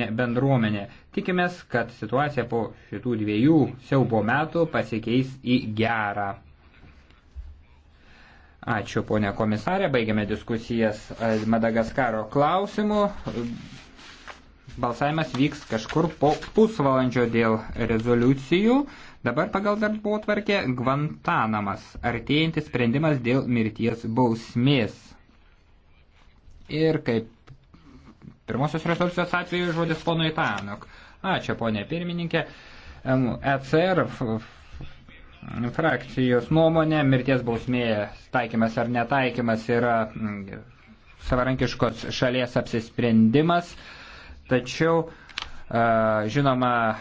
bendruomenė. Tikimės, kad situacija po šitų dviejų siaubo metų pasikeis į gerą. Ačiū, ponė komisarė. Baigiame diskusijas Madagaskaro klausimu. Balsavimas vyks kažkur po pusvalandžio dėl rezoliucijų. Dabar pagal darbo tvarkė Gvantanamas, artėjantis sprendimas dėl mirties bausmės. Ir kaip Pirmosios rezoliucijos atveju žodis ponui Tanok. Ačiū, ponė pirmininkė. ECR frakcijos nuomonė, mirties bausmė taikymas ar netaikymas yra mm, savarankiškos šalies apsisprendimas, tačiau E, žinoma,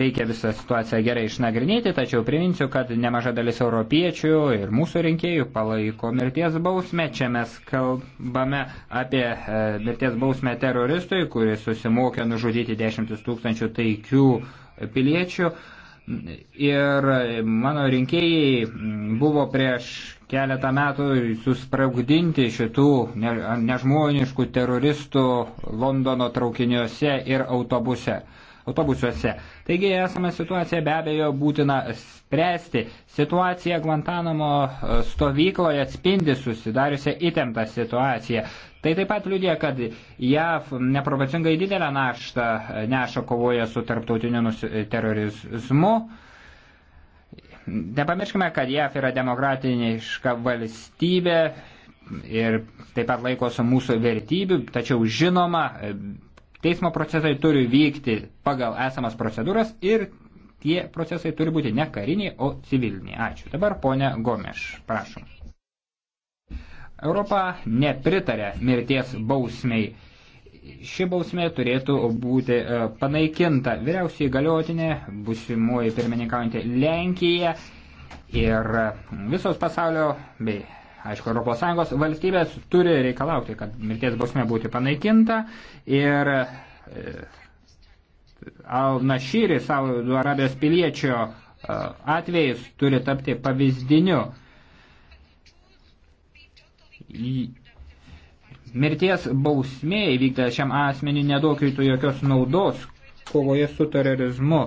reikia visą situaciją gerai išnagrinėti, tačiau priminsiu, kad nemaža dalis europiečių ir mūsų rinkėjų palaiko mirties bausmę. Čia mes kalbame apie e, mirties bausmę teroristui, kuris susimokė nužudyti dešimtis tūkstančių taikių piliečių. Ir mano rinkėjai buvo prieš keletą metų susprogdinti šitų nežmoniškų teroristų Londono traukiniuose ir autobuse. autobusiuose. Taigi esame situaciją be abejo būtina spręsti. Situacija Guantanamo e, stovykloje atspindi susidariusią įtemptą situaciją. Tai taip pat liūdė, kad JAV neproporcingai didelę naštą e, neša kovoja su tarptautiniu terorizmu. Nepamirškime, kad JAF yra demokratiniška valstybė ir taip pat laikosi mūsų vertybių, tačiau žinoma, teismo procesai turi vykti pagal esamas procedūras ir tie procesai turi būti ne kariniai, o civiliniai. Ačiū. Dabar ponia Gomeš, prašom. Europa nepritarė mirties bausmiai ši bausmė turėtų būti e, panaikinta. Vyriausiai galiotinė, busimoji pirmininkaujantė Lenkija ir visos pasaulio bei, aišku, ES valstybės turi reikalauti, kad mirties bausmė būtų panaikinta ir e, Al-Nashiri, Saudo Arabijos piliečio e, atvejais turi tapti pavyzdiniu Mirties bausmė įvykta šiam asmeniu nedaugytų jokios naudos kovoje su terorizmu.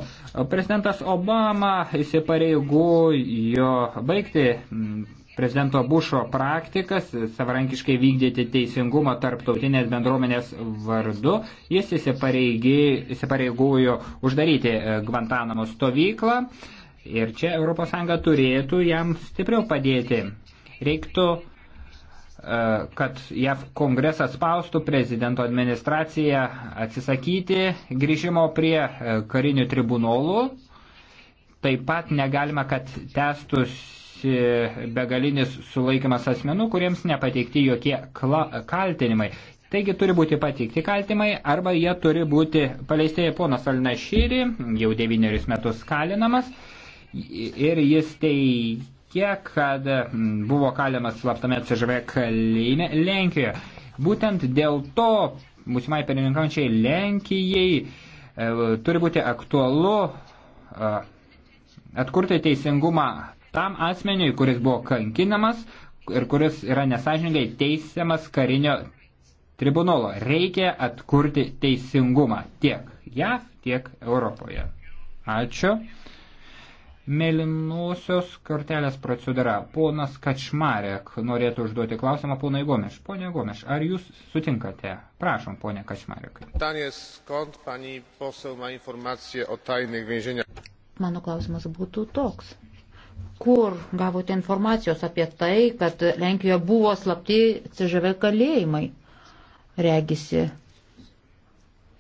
Prezidentas Obama įsipareigojo baigti mm, prezidento Bušo praktikas, savarankiškai vykdyti teisingumą tarptautinės bendruomenės vardu. Jis įsipareigojo uždaryti e, Gvantanamo stovyklą ir čia ES turėtų jam stipriau padėti. Reiktų kad JAV kongresas spaustų prezidento administraciją atsisakyti grįžimo prie e, karinių tribunolų. Taip pat negalima, kad testusi begalinis sulaikimas asmenų, kuriems nepateikti jokie kaltinimai. Taigi turi būti pateikti kaltimai arba jie turi būti paleisti ponas Alnašyri, jau devynerius metus kalinamas ir jis teigia tiek, kad mm, buvo kaliamas slaptame CŽV kalėjime Lenkijoje. Būtent dėl to būsimai pirmininkančiai Lenkijai e, turi būti aktualu e, atkurti teisingumą tam asmeniui, kuris buvo kankinamas ir kuris yra nesažiningai teisiamas karinio tribunolo. Reikia atkurti teisingumą tiek JAV, tiek Europoje. Ačiū. Mėlynosios kortelės procedūra. Ponas Kačmarek norėtų užduoti klausimą ponai Gomeš. Pone Gomeš, ar jūs sutinkate? Prašom, ponė Kačmarek. Mano klausimas būtų toks. Kur gavote informacijos apie tai, kad Lenkijoje buvo slapti CŽV kalėjimai? Regisi,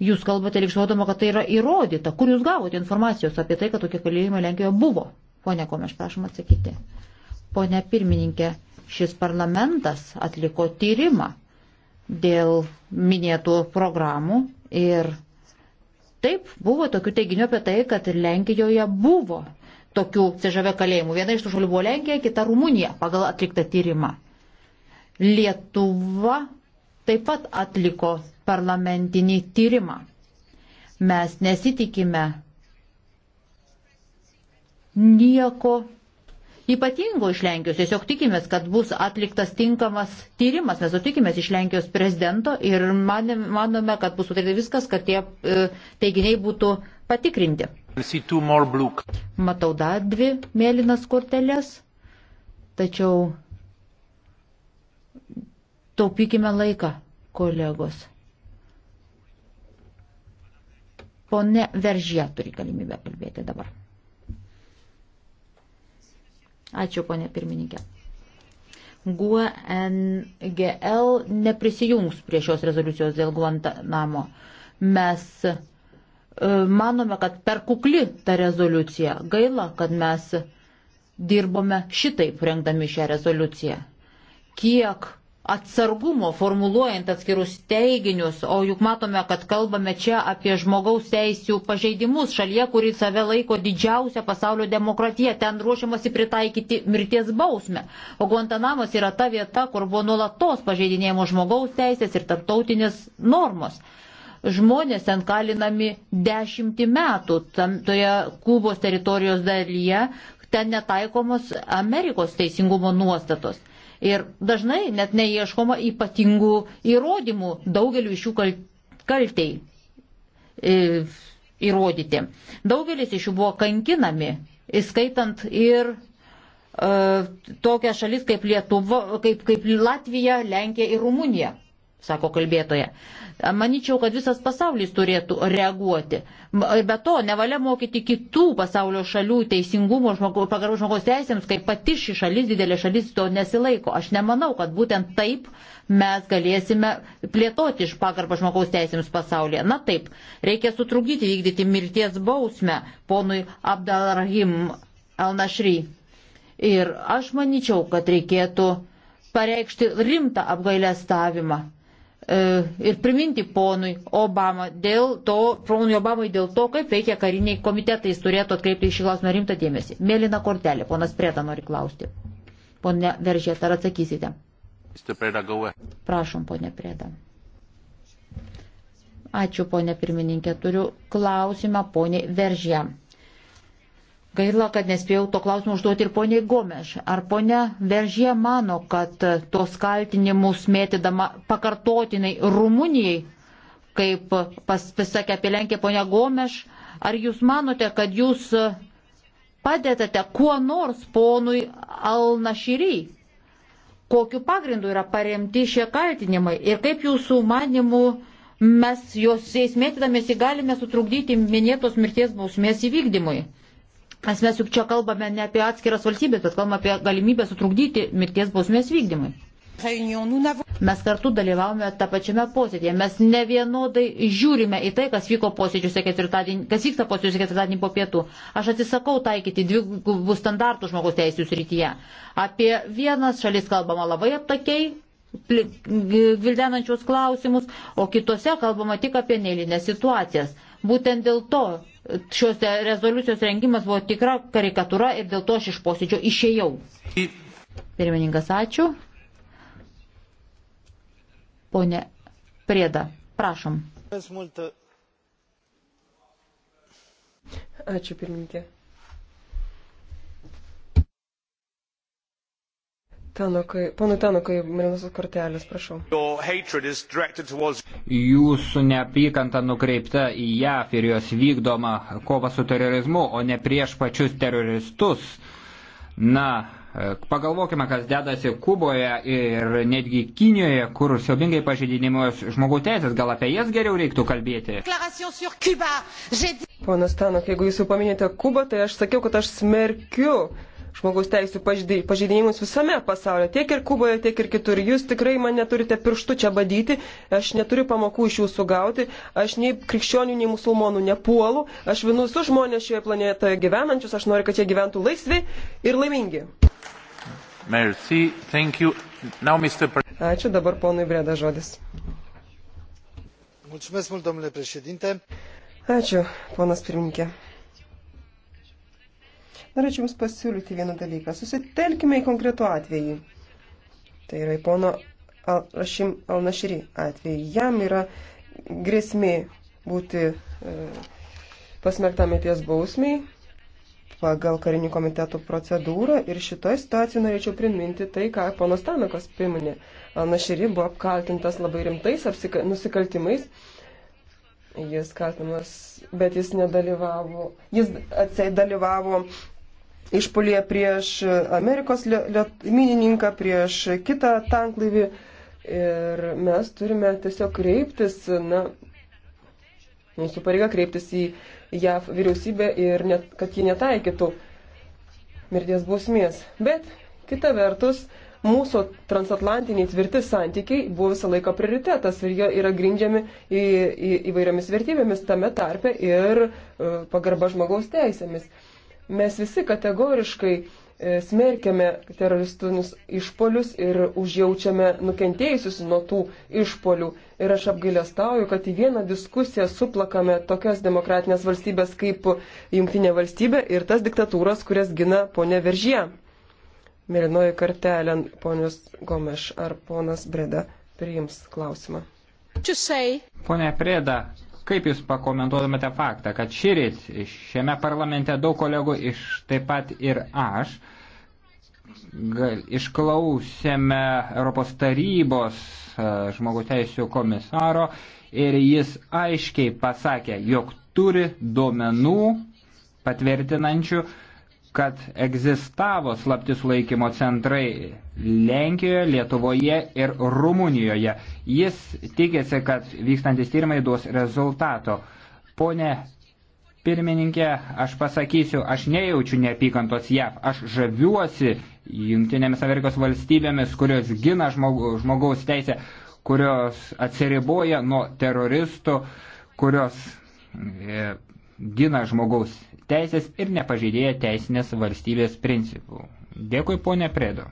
Jūs kalbate likšodama, kad tai yra įrodyta. Kur jūs gavote informacijos apie tai, kad tokie kalėjimai Lenkijoje buvo? Pone Komeš, prašom atsakyti. Pone pirmininkė, šis parlamentas atliko tyrimą dėl minėtų programų ir taip buvo tokių teiginių apie tai, kad Lenkijoje buvo tokių CŽV kalėjimų. Viena iš tų šalių buvo Lenkija, kita Rumunija pagal atliktą tyrimą. Lietuva taip pat atliko parlamentinį tyrimą. Mes nesitikime nieko ypatingo iš Lenkijos. Tiesiog tikimės, kad bus atliktas tinkamas tyrimas. Mes tikimės iš Lenkijos prezidento ir manome, kad bus sutarta viskas, kad tie e, teiginiai būtų patikrinti. Matau dar dvi mėlynas korteles, tačiau Taupykime laiką, kolegos. Pone Veržė turi galimybę kalbėti dabar. Ačiū, ponė pirmininkė. GUNGL neprisijungs prie šios rezoliucijos dėl Guantanamo. Mes e, manome, kad per kukli ta rezoliucija. Gaila, kad mes dirbome šitaip rengdami šią rezoliuciją. Kiek atsargumo formuluojant atskirus teiginius, o juk matome, kad kalbame čia apie žmogaus teisų pažeidimus šalyje, kuri save laiko didžiausia pasaulio demokratija, ten ruošiamasi pritaikyti mirties bausmę. O Guantanamas yra ta vieta, kur buvo nuolatos pažeidinėjimo žmogaus teisės ir tarptautinės normos. Žmonės ten kalinami dešimtį metų, tam, toje Kubos teritorijos dalyje, ten netaikomos Amerikos teisingumo nuostatos. Ir dažnai net neieškoma ypatingų įrodymų daugeliu iš jų kaltei e, įrodyti. Daugelis iš jų buvo kankinami, įskaitant ir e, tokias šalis kaip, Lietuva, kaip, kaip Latvija, Lenkija ir Rumunija sako kalbėtoja. Maničiau, kad visas pasaulis turėtų reaguoti. Be to, nevalia mokyti kitų pasaulio šalių teisingumo, žmogu, pagarbų žmogaus teisėms, kai pati ši šalis, didelė šalis, to nesilaiko. Aš nemanau, kad būtent taip mes galėsime plėtoti iš pagarbą žmogaus teisėms pasaulyje. Na taip, reikia sutrukdyti vykdyti mirties bausmę ponui Abdalrahim Alnašry. Ir aš manyčiau, kad reikėtų pareikšti rimtą apgailę stavimą E, ir priminti ponui Obama dėl to, ponui Obamai dėl to, kaip veikia kariniai komitetai, jis turėtų atkreipti į šį klausimą rimtą dėmesį. Mėlyna kortelė, ponas Preta nori klausti. Pone Veržėt, ar atsakysite? Prašom, ponė Preta. Ačiū, ponė pirmininkė. Turiu klausimą, ponė Veržėm. Gaila, kad nespėjau to klausimą užduoti ir poniai Gomeš. Ar ponia Veržė mano, kad tos kaltinimus mėtydama pakartotinai Rumunijai, kaip pas, pasakė apie Lenkiją ponia Gomeš, ar jūs manote, kad jūs padedate kuo nors ponui Alnašyriai? Kokiu pagrindu yra paremti šie kaltinimai ir kaip jūsų manimų mes juos įsmėtydamėsi galime sutrukdyti minėtos mirties bausmės įvykdymui? Nes mes juk čia kalbame ne apie atskiras valstybės, bet kalbame apie galimybę sutrukdyti mirties bausmės vykdymui. Mes kartu dalyvavome tą pačiame posėdėje. Mes ne vienodai žiūrime į tai, kas, kas vyksta posėdžiuose ketvirtadienį po pietų. Aš atsisakau taikyti dvigubų standartų žmogaus teisų srityje. Apie vienas šalis kalbama labai aptakiai, gvildenančius klausimus, o kitose kalbama tik apie neįlinės situacijas. Būtent dėl to šios rezoliucijos rengimas buvo tikra karikatūra ir dėl to aš iš posėdžio išėjau. Pirmininkas, ačiū. Pone Prieda, prašom. Ačiū pirmininkė. Tanokai, ponui Tanokai, Mirinosios kortelės, prašau. Jūsų neapykanta nukreipta į JAF ir jos vykdomą kovą su terorizmu, o ne prieš pačius teroristus. Na, pagalvokime, kas dedasi Kuboje ir netgi Kinijoje, kur siaubingai pažeidinimos žmogų teisės, gal apie jas geriau reiktų kalbėti. Ponas Tanok, jeigu jūs jau paminėjote Kubą, tai aš sakiau, kad aš smerkiu žmogaus teisų pažeidinimus visame pasaulyje, tiek ir Kuboje, tiek ir kitur. Jūs tikrai man neturite pirštų čia badyti, aš neturiu pamokų iš jūsų gauti, aš nei krikščionių, nei musulmonų nepuolu, aš visus žmonės šioje planetoje gyvenančius, aš noriu, kad jie gyventų laisvi ir laimingi. Merci, thank you. Now, Mr. Ačiū dabar ponui Breda žodis. Mulțumesc mult, domnule președinte. Ačiū, ponas pirmininkė. Norėčiau Jums pasiūlyti vieną dalyką. Susitelkime į konkretų atvejį. Tai yra į pono Al-Rashim Al-Nashiri atvejį. Jam yra grėsmė būti e, pasmerktam įties bausmiai pagal karinių komitetų procedūrą ir šitoje situacijoje norėčiau priminti tai, ką ponas Tanakas priminė. Alnaširi buvo apkaltintas labai rimtais apsika, nusikaltimais. Jis kaltinamas, bet jis nedalyvavo, jis atsiai dalyvavo išpolyje prieš Amerikos minininką, prieš kitą tanklaivį. Ir mes turime tiesiog kreiptis, na, mūsų pareiga kreiptis į JAV vyriausybę ir net, kad ji netaikytų mirties bausmės. Bet kita vertus, mūsų transatlantiniai tvirti santykiai buvo visą laiką prioritetas ir jie yra grindžiami į, į, įvairiomis vertybėmis, tame tarpe ir uh, pagarba žmogaus teisėmis. Uh, Mes visi kategoriškai e, smerkiame teroristinius išpolius ir užjaučiame nukentėjusius nuo tų išpolių. Ir aš apgailestauju, kad į vieną diskusiją suplakame tokias demokratinės valstybės kaip Junktinė valstybė ir tas diktatūras, kurias gina ponė Veržė. Mėlynoji kartelė, ponios Gomeš ar ponas Breda priims klausimą. Pone Prėda, Kaip Jūs pakomentuotumėte faktą, kad šįryt šiame parlamente daug kolegų iš taip pat ir aš gal, išklausėme Europos tarybos e, žmogaus teisų komisaro ir jis aiškiai pasakė, jog turi duomenų patvirtinančių, kad egzistavo slapti sulaikymo centrai Lenkijoje, Lietuvoje ir Rumunijoje. Jis tikėsi, kad vykstantis tyrimai duos rezultato. Pone pirmininkė, aš pasakysiu, aš nejaučiu neapykantos JAV, aš žaviuosi Junktinėmis Amerikos valstybėmis, kurios gina žmogaus teisę, kurios atsiriboja nuo teroristų, kurios e, gina žmogaus teisės ir nepažeidėja teisinės valstybės principų. Dėkui, ponė Predo.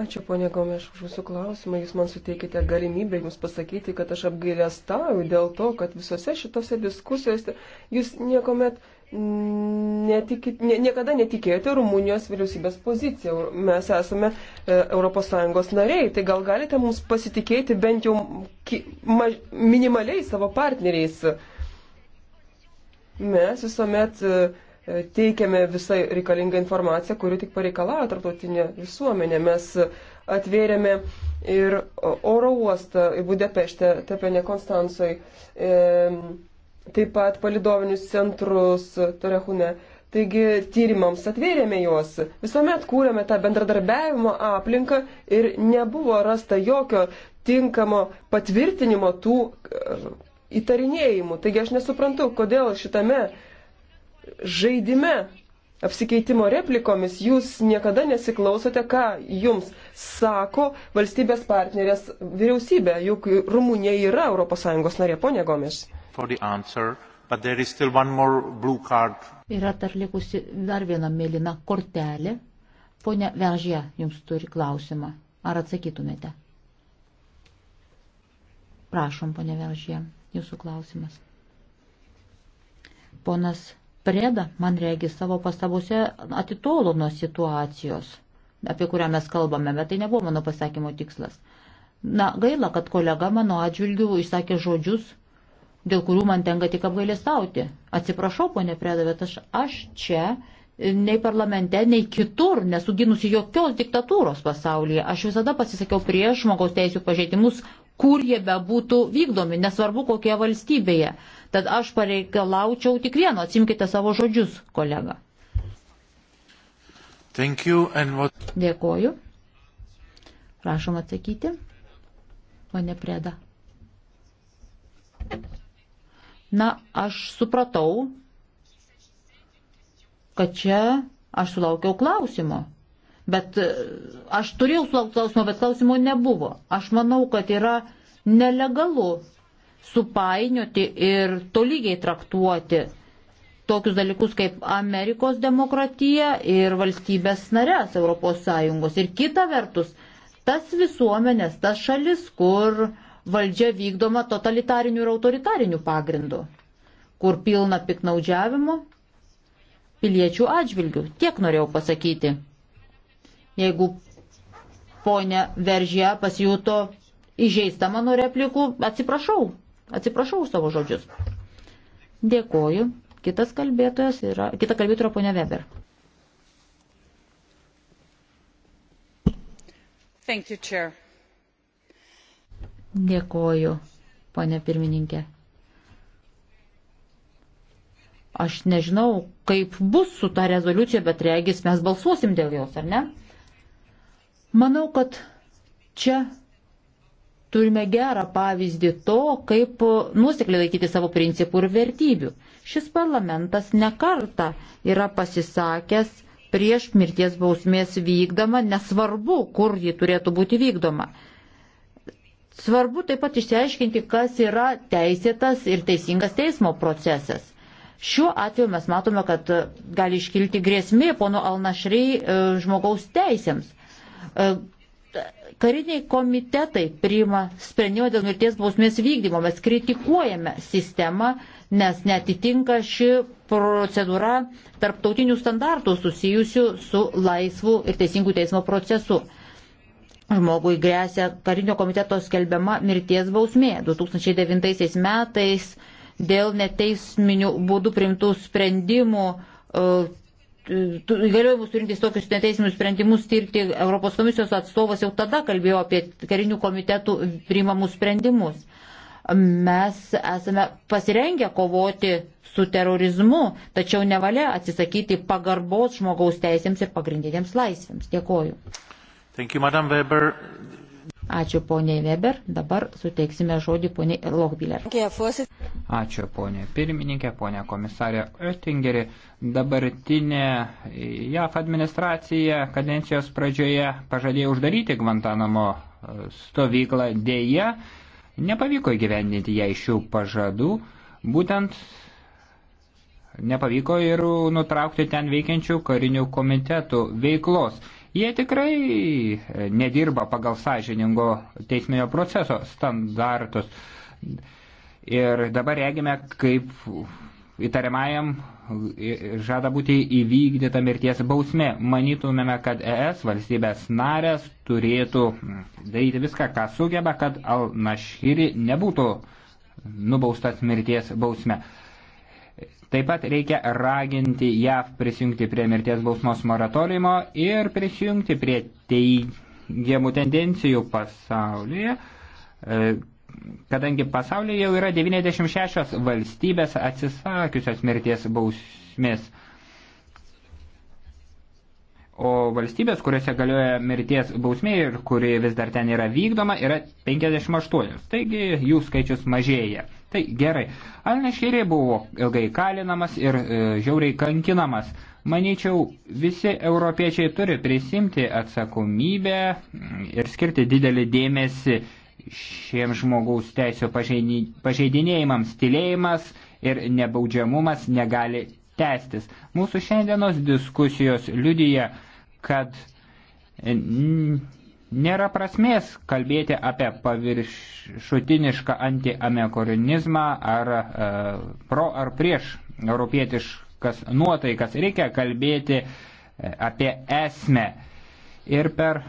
Ačiū, ponė Gomeš, už jūsų klausimą. Jūs man suteikite galimybę jums pasakyti, kad aš apgailestauju dėl to, kad visose šitose diskusijose jūs niekuomet netikit, ne, niekada netikėjote Rumunijos vyriausybės poziciją. Mes esame e, ES nariai, tai gal galite mums pasitikėti bent jau ki, ma, minimaliai savo partneriais. E, Mes visuomet e, e, teikiame visą reikalingą informaciją, kuri tik pareikalauja tarptautinė visuomenė. Mes atvėrėme ir oro uostą į Budapeštę, Tepenė Konstancoj, e, taip pat palidovinius centrus Torehune. Taigi tyrimams atvėrėme juos, visuomet kūrėme tą bendradarbiavimo aplinką ir nebuvo rasta jokio tinkamo patvirtinimo tų e, įtarinėjimų. Taigi aš nesuprantu, kodėl šitame žaidime apsikeitimo replikomis jūs niekada nesiklausote, ką jums sako valstybės partnerės vyriausybė, juk Rumunija yra ES narė, ponė Gomis. Yra dar likusi dar viena mėlyna kortelė. Pone Veržė, jums turi klausimą. Ar atsakytumėte? Prašom, pone Veržė jūsų klausimas. Ponas Preda, man regis, savo pastabose atitolo nuo situacijos, apie kurią mes kalbame, bet tai nebuvo mano pasakymo tikslas. Na, gaila, kad kolega mano atžvilgių išsakė žodžius, dėl kurių man tenka tik apgailestauti. Atsiprašau, ponė Preda, bet aš, aš čia nei parlamente, nei kitur nesuginusi jokios diktatūros pasaulyje. Aš visada pasisakiau prieš žmogaus teisų pažeidimus, kur jie bebūtų vykdomi, nesvarbu kokioje valstybėje. Tad aš pareikalaučiau tik vieno, atsimkite savo žodžius, kolega. What... Dėkoju. Prašom atsakyti. Pane Preda. Na, aš supratau, kad čia aš sulaukiau klausimo Bet e, aš turėjau sulaukti klausimo, bet klausimo nebuvo. Aš manau, kad yra nelegalu supainioti ir tolygiai traktuoti tokius dalykus kaip Amerikos demokratija ir valstybės narės ES. Ir kita vertus, tas visuomenės, tas šalis, kur valdžia vykdoma totalitarinių ir autoritarinių pagrindų, kur pilna piknaudžiavimo piliečių atžvilgių. Tiek norėjau pasakyti. Jeigu ponia Veržė pasijuto įžeista mano replikų, atsiprašau, atsiprašau savo žodžius. Dėkoju. Kitas kalbėtojas yra, kita kalbėtoja yra ponia Weber. Thank you, Chair. Dėkoju, ponė pirmininkė. Aš nežinau, kaip bus su ta rezoliucija, bet regis mes balsuosim dėl jos, ar ne? Manau, kad čia turime gerą pavyzdį to, kaip nusikliai laikyti savo principų ir vertybių. Šis parlamentas nekarta yra pasisakęs prieš mirties bausmės vykdomą, nesvarbu, kur ji turėtų būti vykdoma. Svarbu taip pat išsiaiškinti, kas yra teisėtas ir teisingas teismo procesas. Šiuo atveju mes matome, kad gali iškilti grėsmė pono Alnašrei e, žmogaus teisėms. E, kariniai komitetai priima sprendimą dėl mirties bausmės vykdymo. Mes kritikuojame sistemą, nes netitinka ši procedūra tarptautinių standartų susijusių su laisvu ir teisingu teismo procesu. Žmogui grėsia karinio komiteto skelbiama mirties bausmė 2009 metais dėl neteisminių būdų primtų sprendimų e, įgaliojimus turintys tokius neteisinius sprendimus tirti Europos komisijos atstovas jau tada kalbėjo apie karinių komitetų priimamus sprendimus. Mes esame pasirengę kovoti su terorizmu, tačiau nevalia atsisakyti pagarbos žmogaus teisėms ir pagrindinėms laisvėms. Dėkoju. Thank you, Ačiū poniai Weber. Dabar suteiksime žodį poniai Lochbiller. Ačiū ponė pirmininkė, ponė komisarė Oettingeri. Dabartinė JAF administracija kadencijos pradžioje pažadėjo uždaryti Gvantanamo e, stovyklą. Deja, nepavyko įgyvendinti ją iš šių pažadų. Būtent nepavyko ir nutraukti ten veikiančių karinių komitetų veiklos. Jie tikrai e, nedirba pagal sąžiningo teisminio proceso standartus. Ir dabar regime, kaip įtariamajam e, žada būti įvykdyta mirties bausmė. Manytumėme, kad ES valstybės narės turėtų daryti viską, ką sugeba, kad Al-Nashiri nebūtų nubaustas mirties bausmė. Taip pat reikia raginti JAV prisijungti prie mirties bausmos moratoriumo ir prisijungti prie teigiamų tendencijų pasaulyje, e, kadangi pasaulyje jau yra 96 valstybės atsisakiusios mirties bausmės. O valstybės, kuriuose galioja mirties bausmė ir kuri vis dar ten yra vykdoma, yra 58. Taigi jų skaičius mažėja. Tai gerai. Alnešyriai buvo ilgai kalinamas ir e, žiauriai kankinamas. Manyčiau, visi europiečiai turi prisimti atsakomybę mm, ir skirti didelį dėmesį šiems žmogaus teisų pažeidinėjimams. Tylėjimas ir nebaudžiamumas negali tęstis. Mūsų šiandienos diskusijos liudyja, kad Nėra prasmės kalbėti apie paviršutinišką antiamekorinizmą ar e, pro ar prieš europietiškas nuotaikas. Reikia kalbėti e, apie esmę. Ir per e,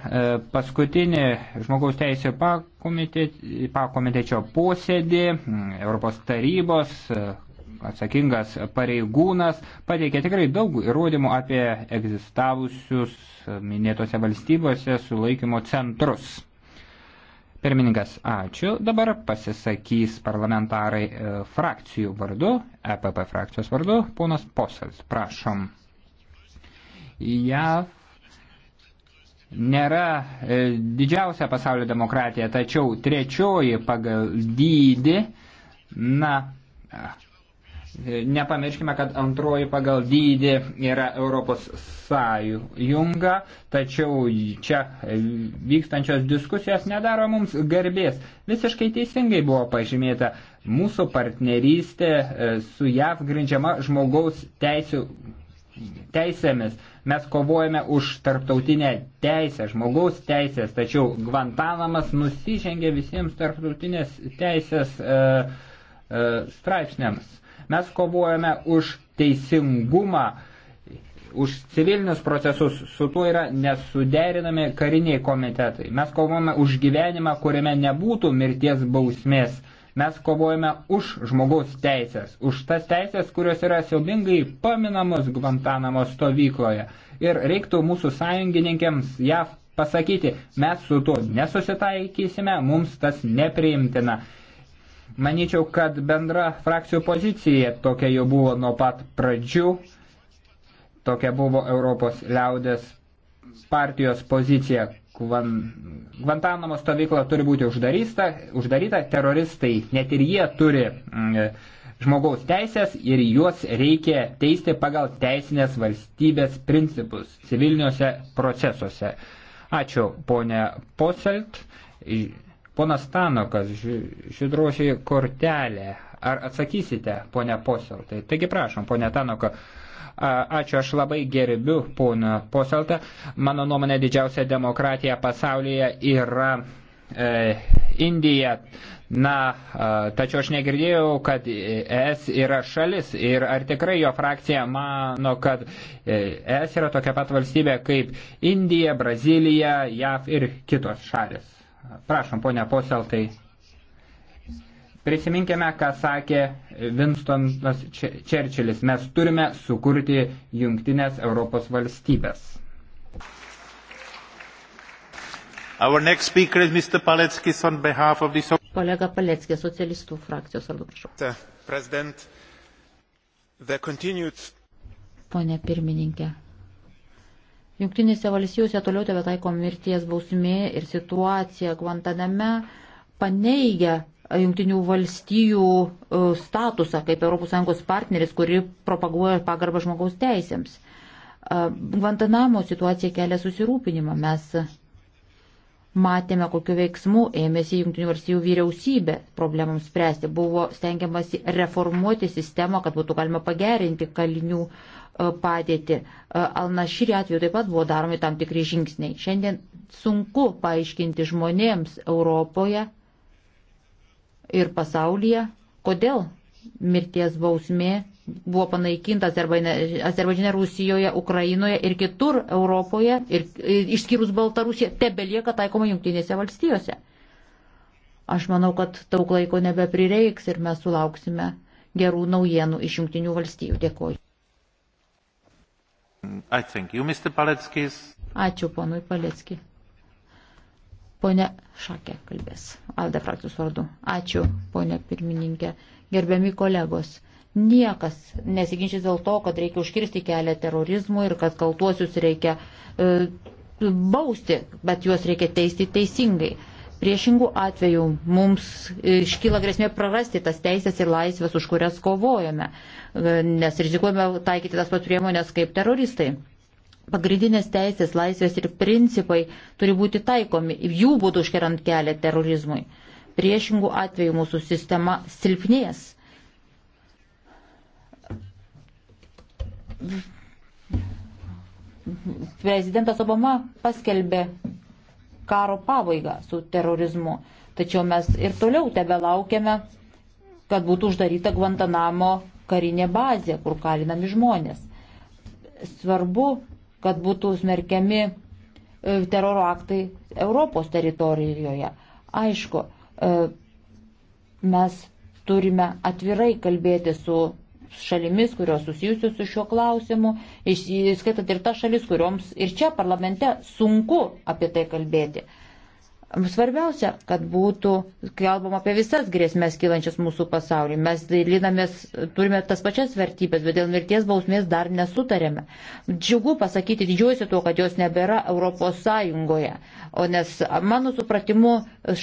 paskutinį žmogaus teisų pakomitečio posėdį Europos tarybos e, atsakingas pareigūnas pateikė tikrai daug įrodymų apie egzistavusius minėtose valstybėse sulaikymo centrus. Pirmininkas, ačiū. Dabar pasisakys parlamentarai e, frakcijų vardu, EPP frakcijos vardu, ponas Posels. Prašom. JAV nėra e, didžiausia pasaulio demokratija, tačiau trečioji pagal dydį, na, Nepamirškime, kad antroji pagal dydį yra Europos sąjunga, tačiau čia vykstančios diskusijos nedaro mums garbės. Visiškai teisingai buvo pažymėta, mūsų partnerystė e, su JAV grindžiama žmogaus teisų teisėmis. Mes kovojame už tarptautinę teisę, žmogaus teisės, tačiau Gvantanamas nusižengė visiems tarptautinės teisės e, e, straipsniams. Mes kovojame už teisingumą, už civilinius procesus, su tuo yra nesuderinami kariniai komitetai. Mes kovojame už gyvenimą, kuriame nebūtų mirties bausmės. Mes kovojame už žmogaus teisės, už tas teisės, kurios yra siaubingai paminamos Guantanamo stovykloje. Ir reiktų mūsų sąjungininkėms JAV pasakyti, mes su tuo nesusitaikysime, mums tas nepriimtina. Manyčiau, kad bendra frakcijų pozicija tokia jau buvo nuo pat pradžių, tokia buvo Europos liaudės partijos pozicija. Guantanamo stovykla turi būti uždarysta, uždaryta, teroristai, net ir jie turi mm, žmogaus teisės ir juos reikia teisti pagal teisinės valstybės principus civiliniuose procesuose. Ačiū, ponė Poselt. Ponas Tanokas, žydrošiai kortelė. Ar atsakysite, ponia Poseltai? Taigi prašom, ponia Tanoka, ačiū, aš labai gerbiu poną Poseltą. Mano nuomonė didžiausia demokratija pasaulyje yra e, Indija. Na, e, tačiau aš negirdėjau, kad ES yra šalis ir ar tikrai jo frakcija mano, kad e, ES yra tokia pat valstybė kaip Indija, Brazilija, JAV ir kitos šalis. Prašom, ponia Poseltai. Prisiminkime, ką sakė Winstonas Čerčilis. Mes turime sukurti jungtinės Europos valstybės. The... Kolega Paleckis, socialistų frakcijos, arba prašau. Continued... Pone pirmininkė, Junktinėse valstijose toliau tebe taiko mirties bausmė ir situacija Guantaname paneigia Junktinių valstijų e, statusą kaip ES partneris, kuri propaguoja pagarbą žmogaus teisėms. E, Guantanamo situacija kelia susirūpinimą. Mes matėme, kokiu veiksmu ėmėsi Junktinių valstijų vyriausybė problemams spręsti. Buvo stengiamasi reformuoti sistemą, kad būtų galima pagerinti kalinių E, padėtį. E, Alnašyri atveju taip pat buvo daromi tam tikri žingsniai. Šiandien sunku paaiškinti žmonėms Europoje ir pasaulyje, kodėl mirties bausmė buvo panaikinta Azerbaidžiane, Rusijoje, Ukrainoje ir kitur Europoje, ir, ir e, išskyrus Baltarusiją, tebelieka taikoma Junktinėse valstijose. Aš manau, kad daug laiko nebeprireiks ir mes sulauksime gerų naujienų iš Junktinių valstijų. Dėkuoju. You, Ačiū ponui Palecki. Pone Šakė kalbės. Alde frakcijos vardu. Ačiū, ponė pirmininkė. Gerbiami kolegos. Niekas nesiginčys dėl to, kad reikia užkirsti kelią terorizmui ir kad kaltuosius reikia e, bausti, bet juos reikia teisti teisingai. E, Priešingų atvejų mums e, iškyla grėsmė prarasti tas teisės ir laisvės, už kurias kovojame, e, nes rizikuojame taikyti tas pat priemonės kaip teroristai. Pagrindinės teisės, laisvės ir principai turi būti taikomi, jų būtų užkerant kelią terorizmui. Priešingų atvejų mūsų sistema silpnės. Prezidentas Obama paskelbė karo pabaigą su terorizmu. Tačiau mes ir toliau tebe laukiame, kad būtų uždaryta Guantanamo karinė bazė, kur kalinami žmonės. Svarbu, kad būtų smerkiami e, teroro aktai Europos teritorijoje. Aišku, e, mes turime atvirai kalbėti su šalimis, kurios susijusios su šiuo klausimu, įskaitant ir tas šalis, kurioms ir čia parlamente sunku apie tai kalbėti. Svarbiausia, kad būtų kalbama apie visas grėsmės kylančias mūsų pasaulyje. Mes lyginamės, turime tas pačias vertybės, bet dėl mirties bausmės dar nesutarėme. Džiugu pasakyti, didžiuosi tuo, kad jos nebėra Europos Sąjungoje, o nes mano supratimu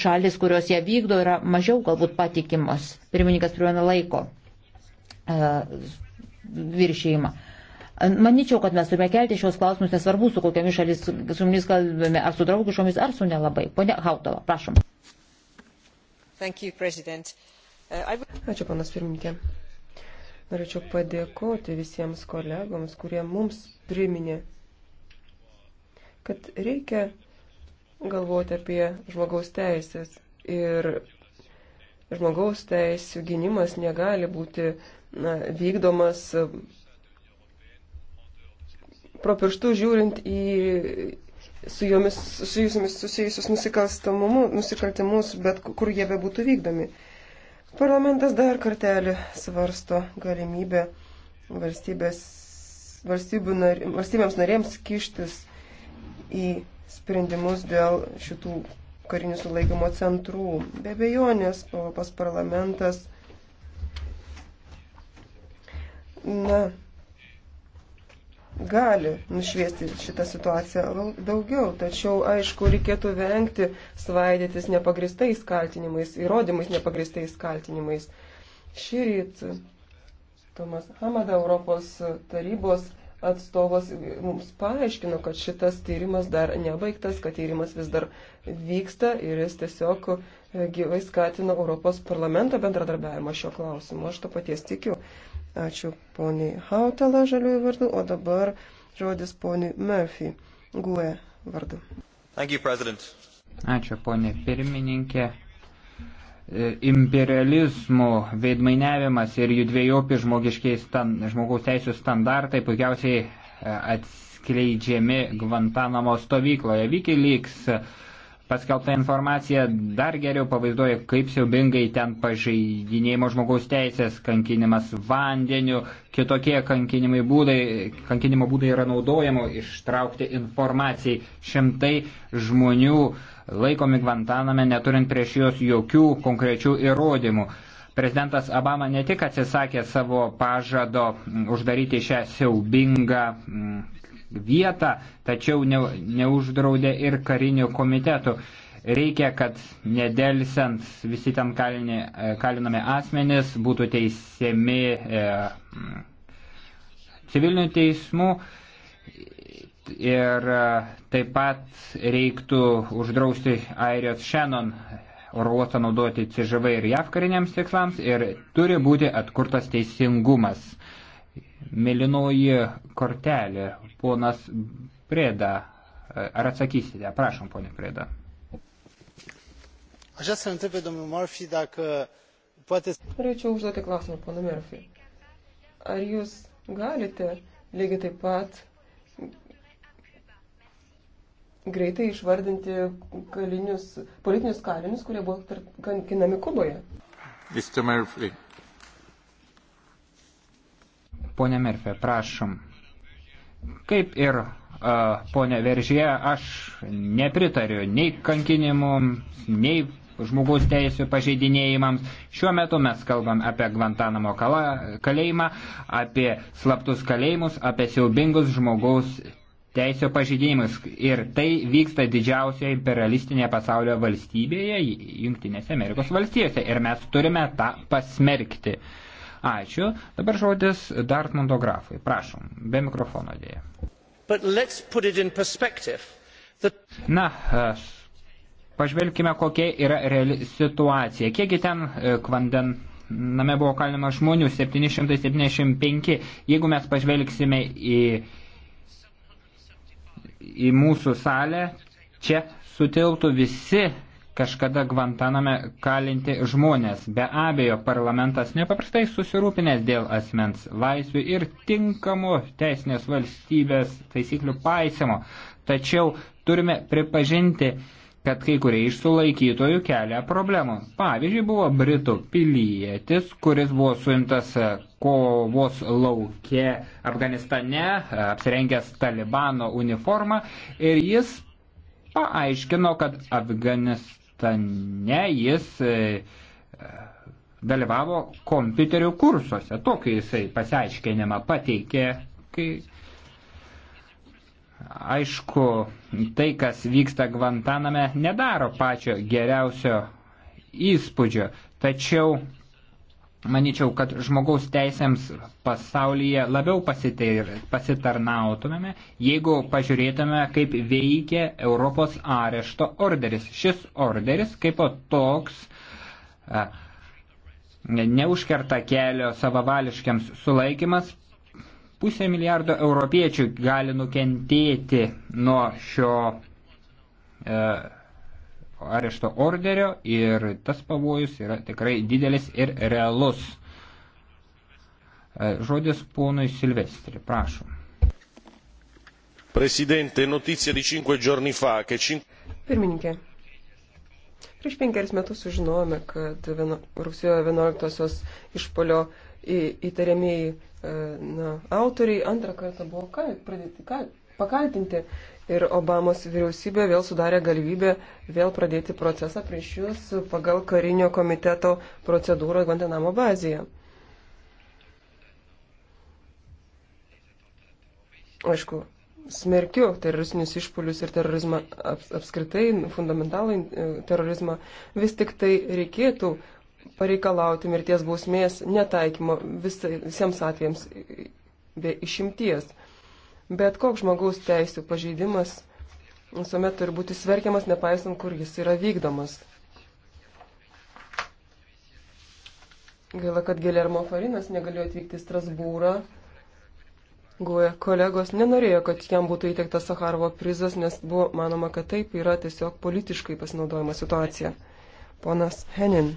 šalis, kurios ją vykdo, yra mažiau galbūt patikimos. Pirmininkas priuona laiko. E, viršėjimą. Maničiau, kad mes turime kelti šios klausimus, nesvarbu, su kokiamis šalis, su mumis kalbame, ar su draugišomis, ar su nelabai. Pone Hautala, prašom. You, uh, Ačiū, panas pirmininkė. Norėčiau padėkoti visiems kolegoms, kurie mums priminė, kad reikia galvoti apie žmogaus teisės. Ir žmogaus teisų gynimas negali būti uh, vykdomas e, pro pirštų žiūrint į su jomis susijusius, susijusius nusikaltimus, bet kur jie bebūtų vykdomi. Parlamentas dar kartelį svarsto galimybę nar, valstybėms narėms kištis į sprendimus dėl šitų karinių sulaikymo centrų. Be bejonės, Europos parlamentas na, gali nušviesti šitą situaciją daugiau, tačiau aišku, reikėtų vengti svaidytis nepagristais kaltinimais, įrodymais nepagristais kaltinimais. Šį rytą Tomas Hamada Europos tarybos atstovas mums paaiškino, kad šitas tyrimas dar nebaigtas, kad tyrimas vis dar vyksta ir jis tiesiog gyvai skatina Europos parlamento bendradarbiavimą šio klausimu. Aš to paties tikiu. Ačiū poniai Hautala žaliųjų vardu, o dabar žodis poniai Murphy GUE vardu. Thank you, President. Ačiū ponė pirmininkė. E, imperializmo veidmainiavimas ir jų dviejopi žmogaus teisų standartai puikiausiai e, atskleidžiami Gvantanamo stovykloje. Vykilyks uh, paskelbta informacija dar geriau pavaizduoja, kaip siaubingai ten pažeidinėjimo žmogaus teisės, kankinimas vandeniu, kitokie kankinimai būdai, kankinimo būdai yra naudojamo ištraukti informacijai. Šimtai žmonių laikomi Gvantaname, neturint prieš juos jokių konkrečių įrodymų. Prezidentas Obama ne tik atsisakė savo pažado uždaryti šią siaubingą mm, vietą, tačiau ne, neuždraudė ir karinių komitetų. Reikia, kad nedelsiant visi ten kalinė, e, kalinami asmenys būtų teisiami e, civilinių teismų ir e, taip pat reiktų uždrausti Airijos Shannon oruostą naudoti CŽV ir JAV kariniams tikslams ir turi būti atkurtas teisingumas. Melinoji kortelė, ponas Prėda. Ar atsakysite? Prašom, ponė Prėda. Aš esu antrepė, domnul Murphy, dacă poate... Norėčiau užduoti klausimą, ponui Murphy. Ar jūs galite lygiai taip pat greitai išvardinti kalinius, politinius kalinius, kurie buvo kankinami Kuboje? Mr. Murphy. Pone Merfe, prašom. Kaip ir uh, ponė Veržė, aš nepritariu nei kankinimams, nei žmogaus teisų pažeidinėjimams. Šiuo metu mes kalbam apie Gvantanamo kalėjimą, apie slaptus kalėjimus, apie siaubingus žmogaus teisų pažeidinimus. Ir tai vyksta didžiausioje imperialistinėje pasaulio valstybėje, Junktinėse Amerikos valstijose. Ir mes turime tą pasmerkti. Uh, Ačiū. Dabar žodis Dartmundo grafui. Prašom, be mikrofono dėja. The... Na, pažvelkime, kokia yra reali situacija. Kiekgi ten e, kvanden name buvo kalinamas žmonių 775. Jeigu mes pažvelgsime į, į mūsų salę, čia sutiltų visi kažkada Gvantaname kalinti žmonės. Be abejo, parlamentas nepaprastai susirūpinęs dėl asmens laisvių ir tinkamo teisinės valstybės taisyklių paisimo. Tačiau turime pripažinti, kad kai kurie iš sulaikytojų kelia problemų. Pavyzdžiui, buvo Britų pilietis, kuris buvo suimtas kovos lauke Afganistane, apsirengęs talibano uniformą ir jis paaiškino, kad Afganistane Afganistane jis e, dalyvavo kompiuterių kursuose. Tokį jisai pasiaiškinimą pateikė, kai aišku, tai, kas vyksta Gvantaname, nedaro pačio geriausio įspūdžio. Tačiau manyčiau, kad žmogaus teisėms pasaulyje labiau pasitarnautumėme, jeigu pažiūrėtume, kaip veikia Europos arešto orderis. Šis orderis kaip o toks neužkerta kelio savavališkiams sulaikimas. Pusė milijardo europiečių gali nukentėti nuo šio e, arešto orderio ir tas pavojus yra tikrai didelis ir realus. E, žodis ponui Silvestri, prašom. Presidente, noticija di 5 giorni fa, che 5... Pirmininkė, prieš penkeris metus sužinojome, kad vieno, Rusijoje 11-osios išpolio įtariamieji e, na, autoriai antrą kartą buvo kal, pradėti kal, pakaltinti ir Obamos vyriausybė vėl sudarė galimybę vėl pradėti procesą prieš juos pagal karinio komiteto procedūrą Guantanamo bazėje. Aišku, smerkiu teroristinius išpolius ir terorizmą apskritai, fundamentalai e, terorizmą, vis tik tai reikėtų pareikalauti mirties bausmės netaikymo visai, visiems atvejams be išimties. Bet koks žmogaus teisų pažeidimas visuomet turi būti sverkiamas, nepaisant, kur jis yra vykdomas. Gaila, kad Gilermo Farinas negalėjo atvykti į Strasbūrą. Guoja kolegos nenorėjo, kad jam būtų įteiktas Saharovo prizas, nes buvo manoma, kad taip yra tiesiog politiškai pasinaudojama situacija. Ponas Henin.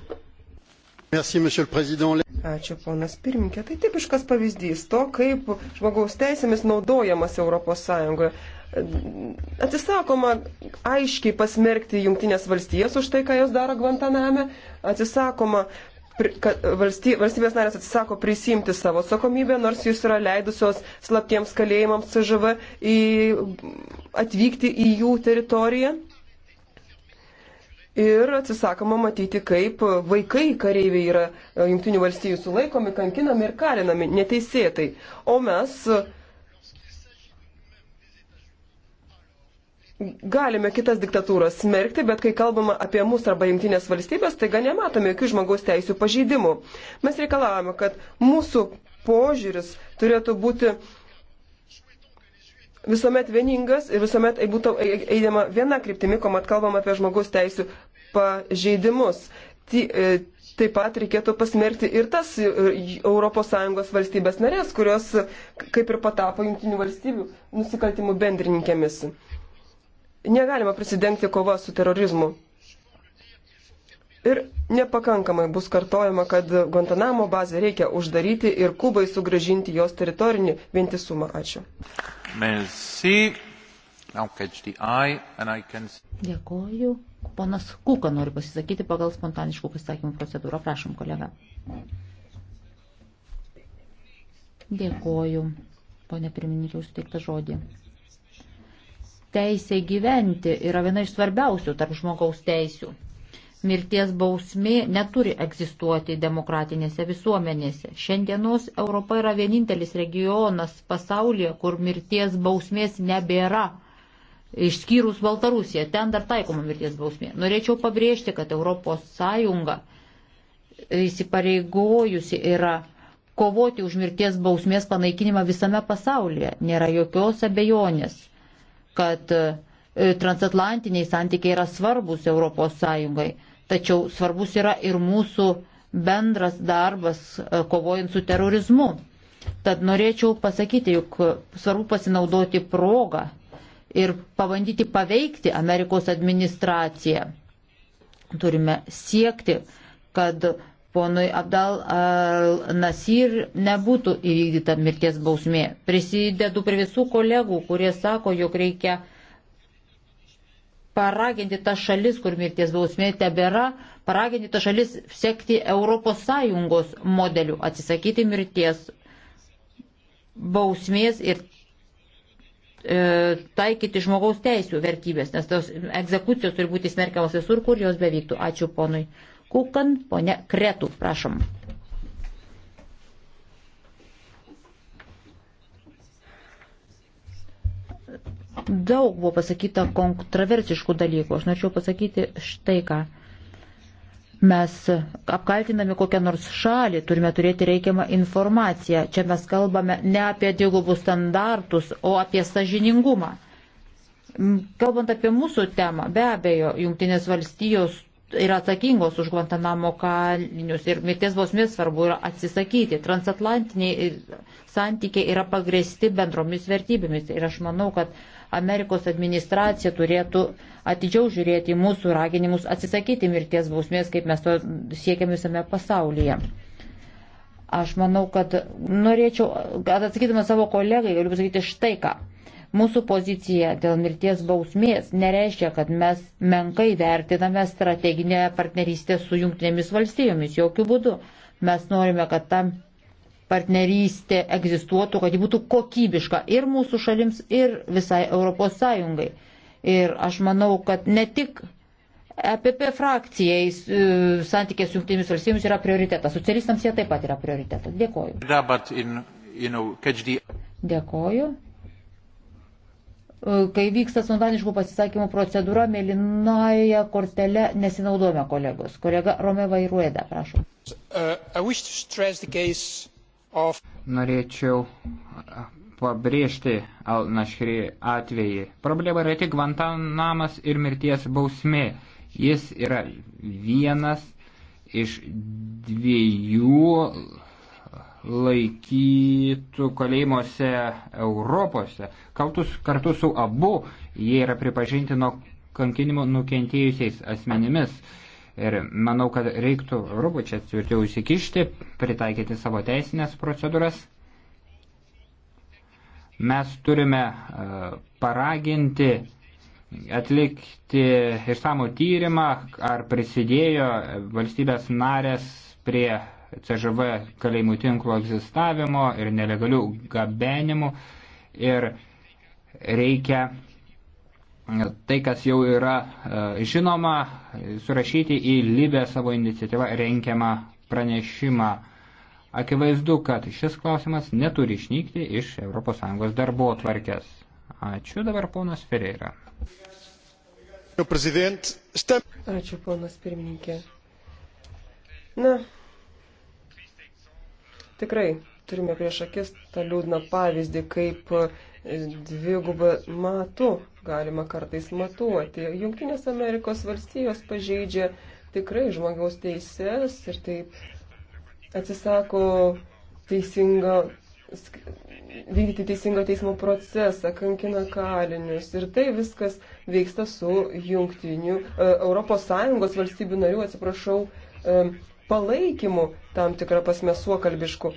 Ačiū, ponas pirmininkė. Tai tipiškas pavyzdys to, kaip žmogaus teisėmis naudojamas ES. Atsisakoma aiškiai pasmerkti Junktinės valstijas už tai, ką jos daro Guantaname. Atsisakoma, kad valstybės narės atsisako prisimti savo atsakomybę, nors jūs yra leidusios slaptiems kalėjimams CŽV atvykti į jų teritoriją ir atsisakoma matyti, kaip vaikai kareiviai yra e, jungtinių valstybių sulaikomi, kankinami ir kalinami neteisėtai. O mes e, galime kitas diktatūras smerkti, bet kai kalbama apie mus arba jungtinės valstybės, taiga nematome jokių žmogaus teisų pažeidimų. Mes reikalavome, kad mūsų požiūris turėtų būti visuomet vieningas ir visuomet būtų eidama viena kryptimi, kuomet kalbam apie žmogus teisų pažeidimus. E, taip pat reikėtų pasmerkti ir tas ES valstybės narės, kurios kaip ir patapo jungtinių valstybių nusikaltimų bendrininkėmis. Negalima prisidengti kova su terorizmu. Ir nepakankamai bus kartojama, kad Guantanamo bazę reikia uždaryti ir Kubai sugražinti jos teritorinį vientisumą. Ačiū. Merci. Can... Dėkoju. Ponas Kuka nori pasisakyti pagal spontaniškų pasisakymų procedūrą. Prašom, kolega. Dėkoju, ponė pirmininkė, už suteiktą žodį. Teisė gyventi yra viena iš svarbiausių tarp žmogaus teisių mirties bausmė neturi egzistuoti demokratinėse visuomenėse. Šiandienos Europa yra vienintelis regionas pasaulyje, kur mirties bausmės nebėra. Išskyrus Baltarusiją, ten dar taikoma mirties bausmė. Norėčiau pabrėžti, kad ES įsipareigojusi yra kovoti už mirties bausmės panaikinimą visame pasaulyje. Nėra jokios abejonės, kad e, transatlantiniai santykiai yra svarbus ES tačiau svarbus yra ir mūsų bendras darbas e, kovojant su terorizmu. Tad norėčiau pasakyti, jog svarbu pasinaudoti progą ir pabandyti paveikti Amerikos administraciją. Turime siekti, kad ponui Abdal Nasir nebūtų įvykdyta mirties bausmė. Prisidedu prie visų kolegų, kurie sako, jog reikia paraginti tą šalis, kur mirties bausmė tebėra, paraginti tą šalis sekti ES modeliu, atsisakyti mirties bausmės ir e, taikyti žmogaus teisų vertybės, nes tos egzekucijos turi būti smerkiamas visur, kur jos bevyktų. Ačiū ponui Kukan, ponė Kretų, prašom. Daug buvo pasakyta kontraversiškų dalykų. Aš norėčiau pasakyti štai ką. Mes apkaltinami kokią nors šalį, turime turėti reikiamą informaciją. Čia mes kalbame ne apie dvigubus standartus, o apie sažiningumą. Kalbant apie mūsų temą, be abejo, Junktinės valstijos yra atsakingos už Guantanamo kalinius ir mirties bausmės svarbu yra atsisakyti. Transatlantiniai santykiai yra pagrėsti bendromis vertybėmis ir aš manau, kad Amerikos administracija turėtų atidžiau žiūrėti į mūsų raginimus atsisakyti mirties bausmės, kaip mes to siekiam visame pasaulyje. Aš manau, kad norėčiau, kad atsakydama savo kolegai, galiu pasakyti štai ką. Mūsų pozicija dėl mirties bausmės nereiškia, kad mes menkai vertiname strateginę partnerystę su jungtinėmis valstijomis. Jokių būdų. Mes norime, kad tam partnerystė egzistuotų, kad ji būtų kokybiška ir mūsų šalims, ir visai Europos Sąjungai. Ir aš manau, kad ne tik EPP frakcijai e, santykiai su jungtinėmis valstybėmis yra prioritetas, socialistams jie taip pat yra prioritetas. Dėkoju. Dėkoju. E, kai vyksta spontaniškų pasisakymų procedūra, mėlynoje kortelė nesinaudojame kolegos. Kolega Romeva Irueda, prašau. Uh, of... Norėčiau pabrėžti Al-Nashri atvejį. Problema yra tik Vantanamas ir mirties bausmė. Jis yra vienas iš dviejų laikytų kalėjimuose Europose. Kaltus, kartu su abu jie yra pripažinti nuo kankinimo nukentėjusiais asmenimis. Ir manau, kad reiktų Europui čia tvirtiau įsikišti, pritaikyti savo teisinės procedūras. Mes turime e, paraginti atlikti išsamų tyrimą, ar prisidėjo valstybės narės prie CŽV kalėjimų tinklo egzistavimo ir nelegalių gabenimų. Ir reikia tai, kas jau yra e, žinoma, surašyti į Libę savo iniciatyvą renkiamą pranešimą. Akivaizdu, kad šis klausimas neturi išnykti iš ES darbo tvarkės. Ačiū dabar ponas Ferreira. Ačiū ponas pirmininkė. Na, tikrai turime prieš akis tą liūdną pavyzdį, kaip e, dvigubą matų galima kartais matuoti. Junktinės Amerikos valstijos pažeidžia tikrai žmogaus teises ir taip atsisako teisingo vykdyti teisingo teismo procesą, kankina kalinius. Ir tai viskas veiksta su jungtiniu ES valstybių narių, atsiprašau, e, palaikymu tam tikrą pasme suokalbišku.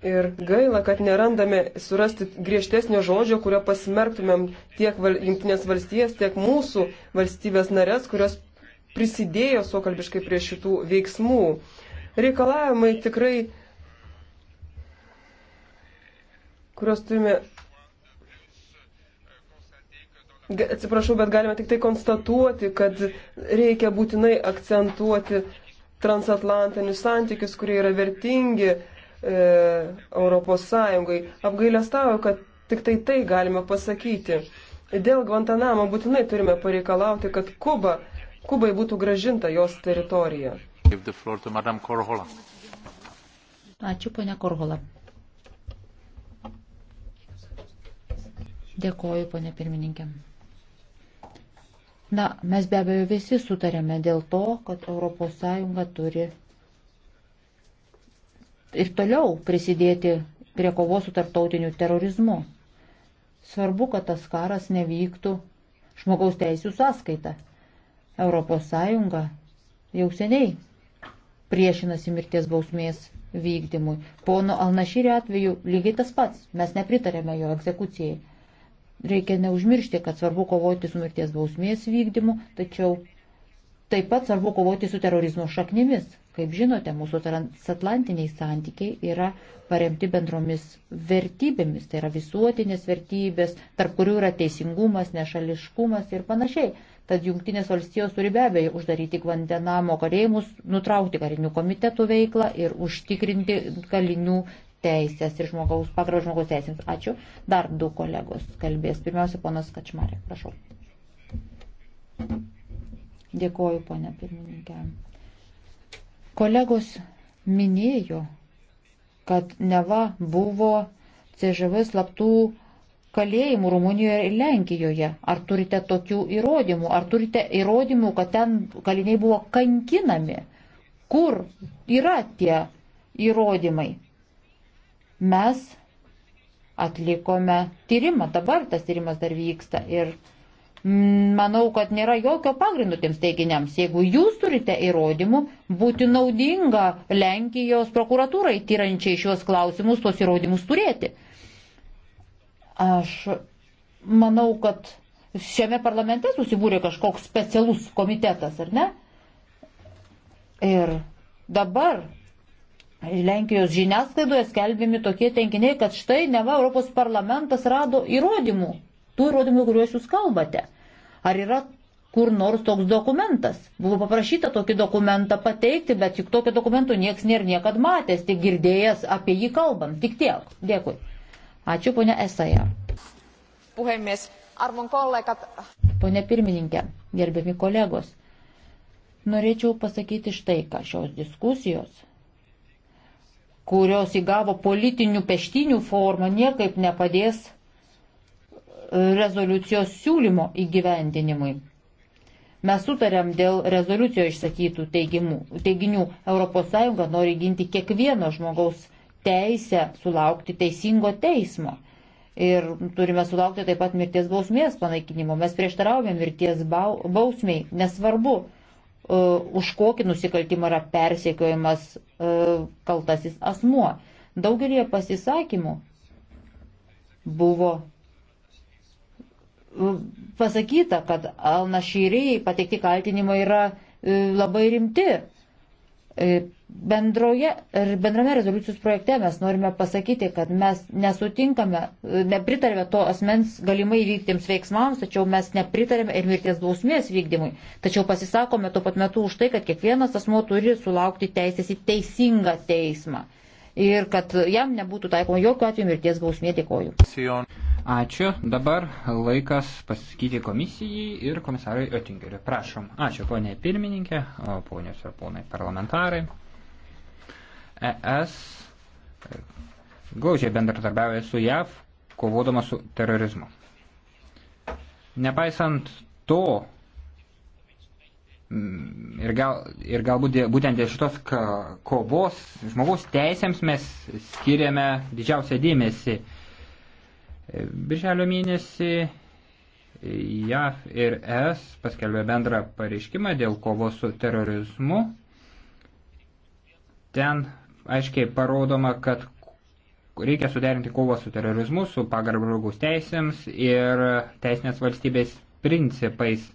Ir gaila, kad nerandame surasti griežtesnio žodžio, kurio pasmerktumėm tiek val, Junktinės valstijas, tiek mūsų valstybės narės, kurios prisidėjo sokalbiškai prie šitų veiksmų. Reikalavimai tikrai, kuriuos turime. Atsiprašau, bet galime tik tai konstatuoti, kad reikia būtinai akcentuoti transatlantinius santykius, kurie yra vertingi E, Europos Sąjungai. Apgailestauju, kad tik tai tai galime pasakyti. Dėl Guantanamo būtinai turime pareikalauti, kad Kuba, Kubai būtų gražinta jos teritorija. Ačiū, ponia Korhola. Dėkoju, ponia pirmininkė. Na, mes be abejo visi sutarėme dėl to, kad ES turi ir toliau prisidėti prie kovos su tarptautiniu terorizmu. Svarbu, kad tas karas nevyktų žmogaus teisų sąskaita. ES jau seniai priešinasi mirties bausmės vykdymui. Pono Alnašyri atveju lygiai tas pats. Mes nepritarėme jo egzekucijai. Reikia neužmiršti, kad svarbu kovoti su mirties bausmės vykdymu, tačiau taip pat svarbu kovoti su terorizmo šaknimis. Kaip žinote, mūsų transatlantiniai santykiai yra paremti bendromis vertybėmis, tai yra visuotinės vertybės, tarp kurių yra teisingumas, nešališkumas ir panašiai. Tad Junktinės valstijos turi be abejo uždaryti Gvandenamo kalėjimus, nutraukti karinių komitetų veiklą ir užtikrinti kalinių teisės ir žmogaus, pagarbą žmogaus teisėms. Ačiū. Dar du kolegos kalbės. Pirmiausia, ponas Kačmarė, prašau. Dėkoju, ponė pirmininkė. Kolegos minėjo, kad neva buvo CŽV slaptų kalėjimų Rumunijoje ir Lenkijoje. Ar turite tokių įrodymų? Ar turite įrodymų, kad ten kaliniai buvo kankinami? Kur yra tie įrodymai? Mes atlikome tyrimą, dabar tas tyrimas dar vyksta ir Manau, kad nėra jokio pagrindo tiems teiginiams. Jeigu jūs turite įrodymų, būti naudinga Lenkijos prokuratūrai tyrančiai šios klausimus, tos įrodymus turėti. Aš manau, kad šiame parlamente susibūrė kažkoks specialus komitetas, ar ne? Ir dabar Lenkijos žiniasklaidoje skelbimi tokie tenkiniai, kad štai neva Europos parlamentas rado įrodymų tų įrodymų, kuriuos jūs kalbate. Ar yra kur nors toks dokumentas? Buvo paprašyta tokį dokumentą pateikti, bet juk tokio dokumento nieks nėra niekad matęs, tik girdėjęs apie jį kalbant. Tik tiek. Dėkui. Ačiū, ponia Esaja. Puhemies, armon kollegat. Pone pirmininkė, gerbiami kolegos, norėčiau pasakyti štai ką šios diskusijos kurios įgavo politinių peštinių formą, niekaip nepadės rezoliucijos siūlymo įgyvendinimui. Mes sutarėm dėl rezoliucijoje išsakytų teigimų, teiginių. ES nori ginti kiekvieno žmogaus teisę sulaukti teisingo teismo. Ir turime sulaukti taip pat mirties bausmės panaikinimo. Mes prieštaraujame mirties bausmiai. Nesvarbu, uh, už kokį nusikaltimą yra persiekiojimas uh, e, kaltasis asmuo. Daugelį pasisakymų buvo pasakyta, kad Alnašyriai pateikti kaltinimai yra e, labai rimti. E, bendroje, er, bendrame rezoliucijos projekte mes norime pasakyti, kad mes nesutinkame, e, nepritarėme to asmens galimai vykdytiems veiksmams, tačiau mes nepritarėme ir mirties bausmės vykdymui. Tačiau pasisakome tuo pat metu už tai, kad kiekvienas asmo turi sulaukti teisės į teisingą teismą ir kad jam nebūtų taikoma jokių atveju mirties bausmė. Dėkoju. Ačiū. Dabar laikas pasakyti komisijai ir komisarui Otingeriui. Prašom. Ačiū, ponė pirmininkė, ponios ir ponai parlamentarai. ES e, glaužiai bendratarbiauja su JAV, kovodama su terorizmu. Nepaisant to, Mm, ir, gal, ir galbūt būtent dėl šitos kovos žmogaus teisėms mes skiriame didžiausią dėmesį. E, Birželio mėnesį JAV ir ES paskelbė bendrą pareiškimą dėl kovos su terorizmu. Ten aiškiai parodoma, kad reikia suderinti kovą su terorizmu, su pagarbų žmogaus teisėms ir teisinės valstybės principais.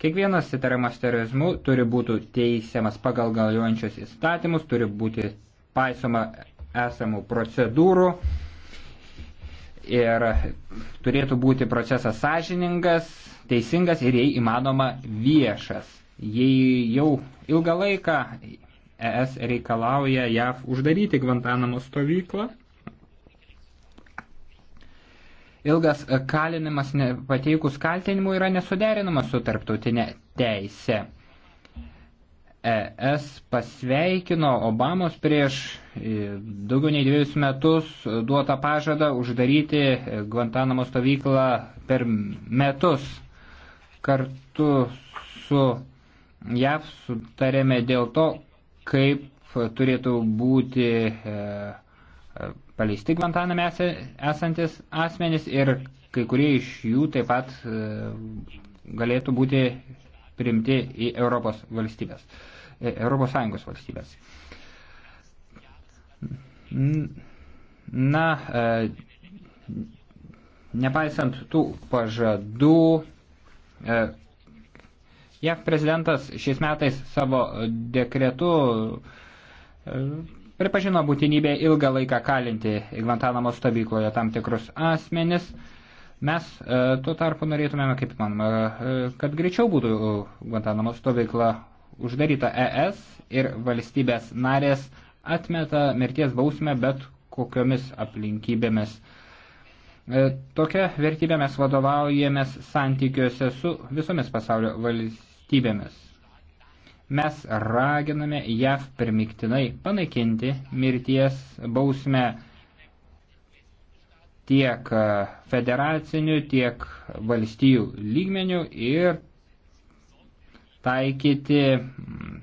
Kiekvienas įtariamas terorizmu turi būti teisiamas pagal galiojančius įstatymus, turi būti paisoma esamų procedūrų ir turėtų būti procesas sąžiningas, teisingas ir jei įmanoma viešas. Jei jau ilgą laiką ES reikalauja JAV uždaryti Gvantanamo stovyklą, Ilgas kalinimas pateikus kaltinimų yra nesuderinamas su tarptautinė teise. ES pasveikino Obamos prieš e, daugiau nei dviejus metus duotą pažadą uždaryti e, Guantanamo stovyklą per metus. Kartu su JAV sutarėme dėl to, kaip turėtų būti e, paleisti Gvantaname esantis asmenys ir kai kurie iš jų taip pat e, galėtų būti priimti į Europos valstybės, e, Europos Sąjungos valstybės. Na, e, nepaisant tų pažadų, JAV prezidentas šiais metais savo dekretu pripažino būtinybę ilgą laiką kalinti Gvantanamo stovykloje tam tikrus asmenis. Mes e, tuo tarpu norėtumėme, kaip manoma, e, kad greičiau būtų Guantanamo stovykla uždaryta ES ir valstybės narės atmeta mirties bausmę bet kokiomis aplinkybėmis. E, tokia vertybė mes vadovaujamės santykiuose su visomis pasaulio valstybėmis. Mes raginame JAV pirmiktinai panaikinti mirties bausmę tiek federacinių, tiek valstijų lygmenių ir taikyti mm,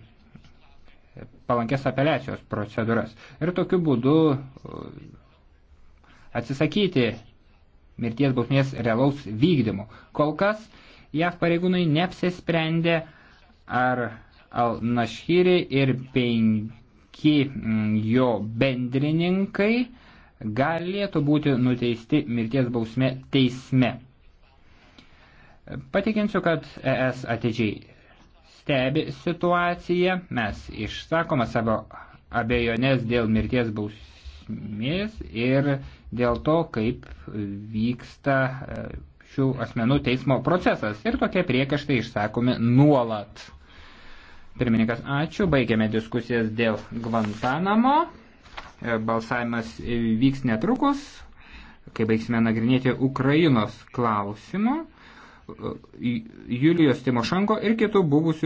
palankės apeliacijos procedūras. Ir tokiu būdu mm, atsisakyti mirties bausmės realaus vykdymo. Kol kas JAV pareigūnai neapsisprendė, ar Al-Nashiri ir penki mm, jo bendrininkai galėtų būti nuteisti mirties bausme teisme. Patikinsiu, kad ES atidžiai stebi situaciją, mes išsakome savo abejonės dėl mirties bausmės ir dėl to, kaip vyksta e, šių asmenų teismo procesas. Ir tokie priekaštai išsakomi nuolat. Pirmininkas, ačiū. Baigėme diskusijas dėl Gvantanamo. E, balsavimas e, vyks netrukus, kai baigsime nagrinėti Ukrainos klausimą. E, Julijos Timošenko ir kitų buvusių